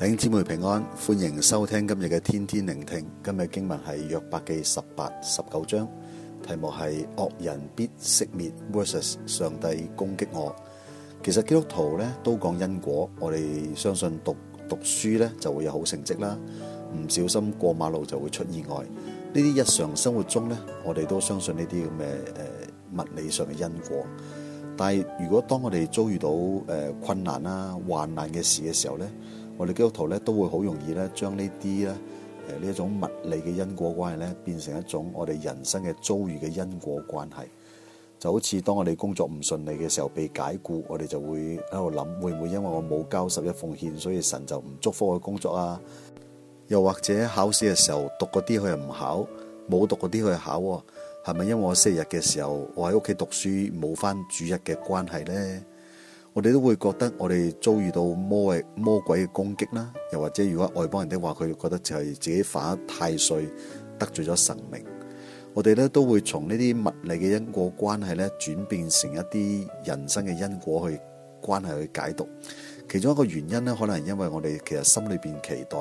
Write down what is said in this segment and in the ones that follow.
弟兄姊妹平安，歡迎收聽今日嘅天天聆聽。今日經文係約伯記十八、十九章，題目係惡人必熄滅 versus 上帝攻擊我。其實基督徒咧都講因果，我哋相信讀讀書咧就會有好成績啦。唔小心過馬路就會出意外，呢啲日常生活中咧，我哋都相信呢啲咁嘅誒物理上嘅因果。但係如果當我哋遭遇到誒困難啦、患難嘅事嘅時候咧，我哋基督徒咧，都會好容易咧，將呢啲咧，誒呢一種物理嘅因果關係咧，變成一種我哋人生嘅遭遇嘅因果關係。就好似當我哋工作唔順利嘅時候被解僱，我哋就會喺度諗，會唔會因為我冇交十一奉獻，所以神就唔祝福我工作啊？又或者考試嘅時候讀嗰啲佢又唔考，冇讀嗰啲佢考啊？係咪因為我星期日嘅時候我喺屋企讀書冇返主日嘅關係咧？我哋都會覺得我哋遭遇到魔魔鬼嘅攻擊啦，又或者如果外邦人的話，佢覺得就係自己犯得太歲，得罪咗神明。我哋咧都會從呢啲物理嘅因果關係咧轉變成一啲人生嘅因果去關係去解讀。其中一個原因咧，可能係因為我哋其實心裏邊期待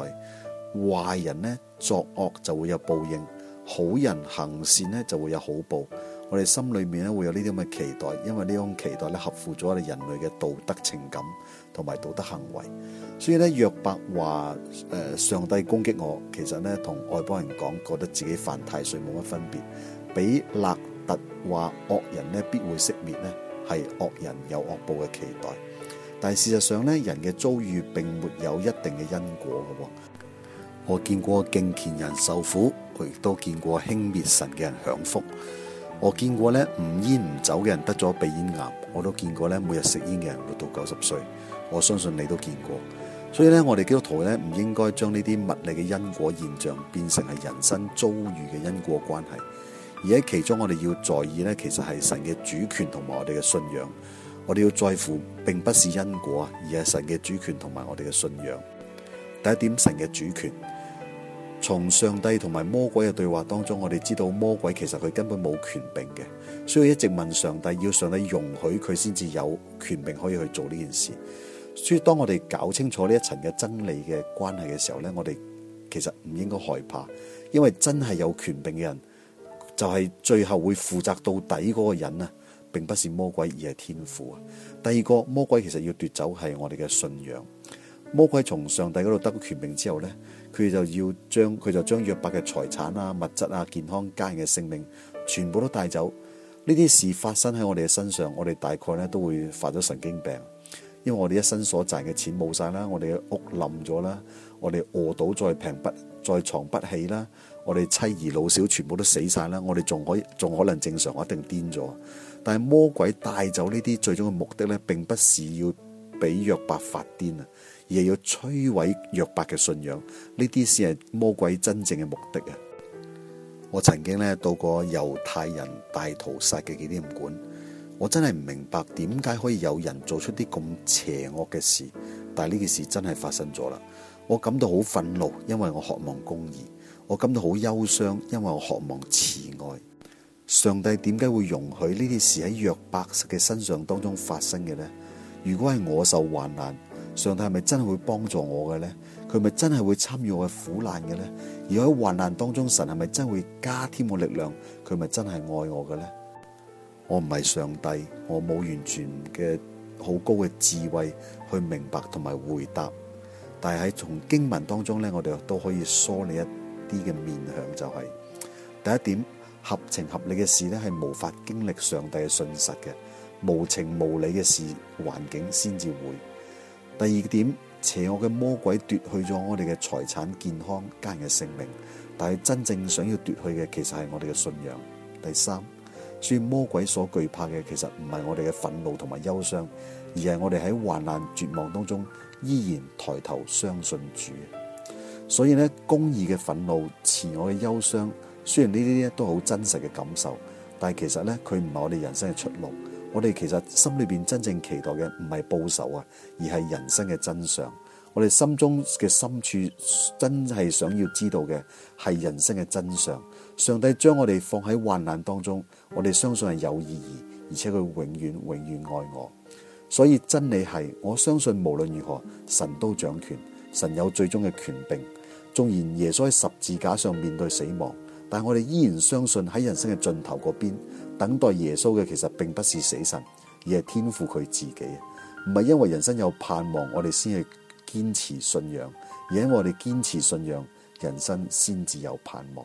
壞人咧作惡就會有報應，好人行善咧就會有好報。我哋心裏面咧會有呢啲咁嘅期待，因為呢種期待咧合乎咗我哋人類嘅道德情感同埋道德行為。所以咧，約伯話誒，上帝攻擊我，其實咧同外邦人講覺得自己犯太歲冇乜分別。比勒達話惡人咧必會熄滅呢，係惡人有惡報嘅期待。但係事實上咧，人嘅遭遇並沒有一定嘅因果嘅。我見過敬虔人受苦，亦都見過輕蔑神嘅人享福。我見過咧唔煙唔酒嘅人得咗鼻咽癌，我都見過咧每日食煙嘅人活到九十歲，我相信你都見過。所以咧，我哋基督徒咧唔應該將呢啲物理嘅因果現象變成係人生遭遇嘅因果關係。而喺其中，我哋要在意咧，其實係神嘅主權同埋我哋嘅信仰。我哋要在乎，並不是因果啊，而係神嘅主權同埋我哋嘅信仰。第一點，神嘅主權。從上帝同埋魔鬼嘅對話當中，我哋知道魔鬼其實佢根本冇權柄嘅，所以一直問上帝，要上帝容許佢先至有權柄可以去做呢件事。所以當我哋搞清楚呢一層嘅真理嘅關係嘅時候咧，我哋其實唔應該害怕，因為真係有權柄嘅人，就係最後會負責到底嗰個人啊，並不是魔鬼而係天父啊。第二個，魔鬼其實要奪走係我哋嘅信仰。魔鬼從上帝嗰度得個權柄之後呢，佢就要將佢就將約伯嘅財產啊、物質啊、健康、家人嘅性命全部都帶走。呢啲事發生喺我哋嘅身上，我哋大概呢都會發咗神經病，因為我哋一生所賺嘅錢冇晒啦，我哋嘅屋冧咗啦，我哋餓到再平不卧床不起啦，我哋妻兒老少全部都死晒啦，我哋仲可仲可能正常，我一定癲咗。但係魔鬼帶走呢啲最終嘅目的呢，並不是要俾約伯發癲啊，而係要摧毀約伯嘅信仰，呢啲先係魔鬼真正嘅目的啊！我曾經咧到過猶太人大屠殺嘅紀念館，我真係唔明白點解可以有人做出啲咁邪惡嘅事，但係呢件事真係發生咗啦！我感到好憤怒，因為我渴望公義；我感到好憂傷，因為我渴望慈愛。上帝點解會容許呢啲事喺約伯嘅身上當中發生嘅呢？如果係我受患難，上帝係咪真係會幫助我嘅呢？佢咪真係會參與我嘅苦難嘅呢？而喺患難當中，神係咪真係會加添我力量？佢咪真係愛我嘅呢？我唔係上帝，我冇完全嘅好高嘅智慧去明白同埋回答。但係喺從經文當中呢，我哋都可以梳理一啲嘅面向，就是，就係第一點，合情合理嘅事呢，係無法經歷上帝嘅信實嘅。無情無理嘅事環境先至會。第二點，邪惡嘅魔鬼奪去咗我哋嘅財產、健康、家人嘅性命，但係真正想要奪去嘅，其實係我哋嘅信仰。第三，雖然魔鬼所懼怕嘅，其實唔係我哋嘅憤怒同埋憂傷，而係我哋喺患難絕望當中依然抬頭相信主。所以呢，公義嘅憤怒、慈愛嘅憂傷，雖然呢啲咧都好真實嘅感受，但係其實呢，佢唔係我哋人生嘅出路。我哋其實心裡面真正期待嘅唔係報仇啊，而係人生嘅真相。我哋心中嘅深處真係想要知道嘅係人生嘅真相。上帝將我哋放喺患難當中，我哋相信係有意義，而且佢永遠永遠愛我。所以真理係，我相信無論如何，神都掌權，神有最終嘅權柄。縱然耶穌喺十字架上面對死亡。但我哋依然相信喺人生嘅盡頭嗰邊等待耶穌嘅，其實並不是死神，而係天父佢自己。唔係因為人生有盼望，我哋先係堅持信仰；而因為我哋堅持信仰，人生先至有盼望。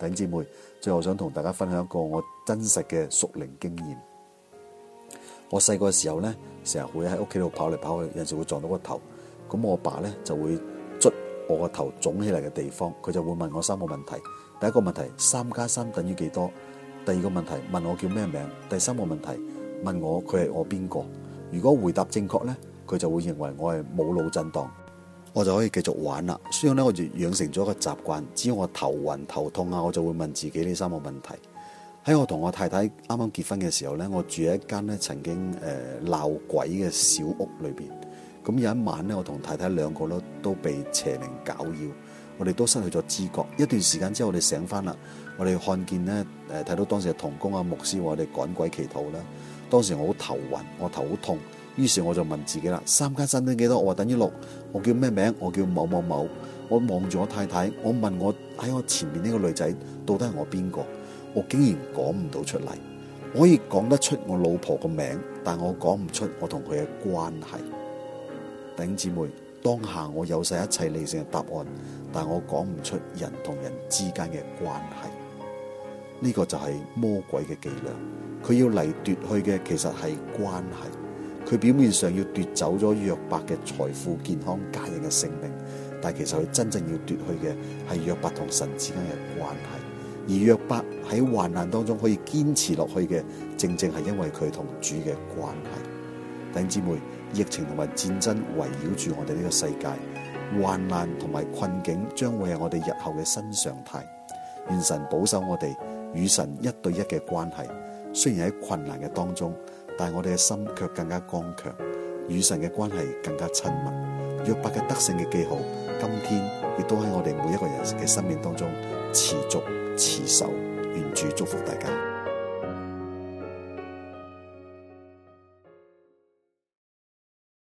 弟兄姊妹，最後想同大家分享一個我真實嘅屬靈經驗。我細個時候咧，成日會喺屋企度跑嚟跑去，有陣時會撞到個頭。咁我爸咧就會捽我個頭腫起嚟嘅地方，佢就會問我三個問題。第一個問題：三加三等於幾多？第二個問題：問我叫咩名？第三個問題：問我佢係我邊個？如果回答正確呢，佢就會認為我係冇腦震盪，我就可以繼續玩啦。所以我就養成咗個習慣，只要我頭暈頭痛啊，我就會問自己呢三個問題。喺我同我太太啱啱結婚嘅時候呢，我住喺一間咧曾經誒鬧鬼嘅小屋裏邊。咁有一晚呢，我同太太兩個都都被邪靈搞擾。我哋都失去咗知覺，一段時間之後我哋醒翻啦，我哋看見咧，誒睇到當時嘅同工啊、牧師為我哋趕鬼祈禱啦。當時我好頭暈，我頭好痛，於是我就問自己啦：三加三等於幾多？我話等於六。我叫咩名？我叫某某某。我望住我太太，我問我喺我前面呢個女仔到底係我邊個？我竟然講唔到出嚟，我可以講得出我老婆個名，但我講唔出我同佢嘅關係。弟兄姊妹。當下我有晒一切理性嘅答案，但我講唔出人同人之間嘅關係。呢個就係魔鬼嘅伎倆，佢要嚟奪去嘅其實係關係。佢表面上要奪走咗約伯嘅財富、健康、家人嘅性命，但其實佢真正要奪去嘅係約伯同神之間嘅關係。而約伯喺患難當中可以堅持落去嘅，正正係因為佢同主嘅關係。弟兄姊妹。疫情同埋戰爭圍繞住我哋呢個世界，患難同埋困境將會係我哋日後嘅新常態。願神保守我哋與神一對一嘅關係，雖然喺困難嘅當中，但係我哋嘅心卻更加剛強，與神嘅關係更加親密。約伯嘅得勝嘅記號，今天亦都喺我哋每一個人嘅生命當中持續持守。願主祝福大家。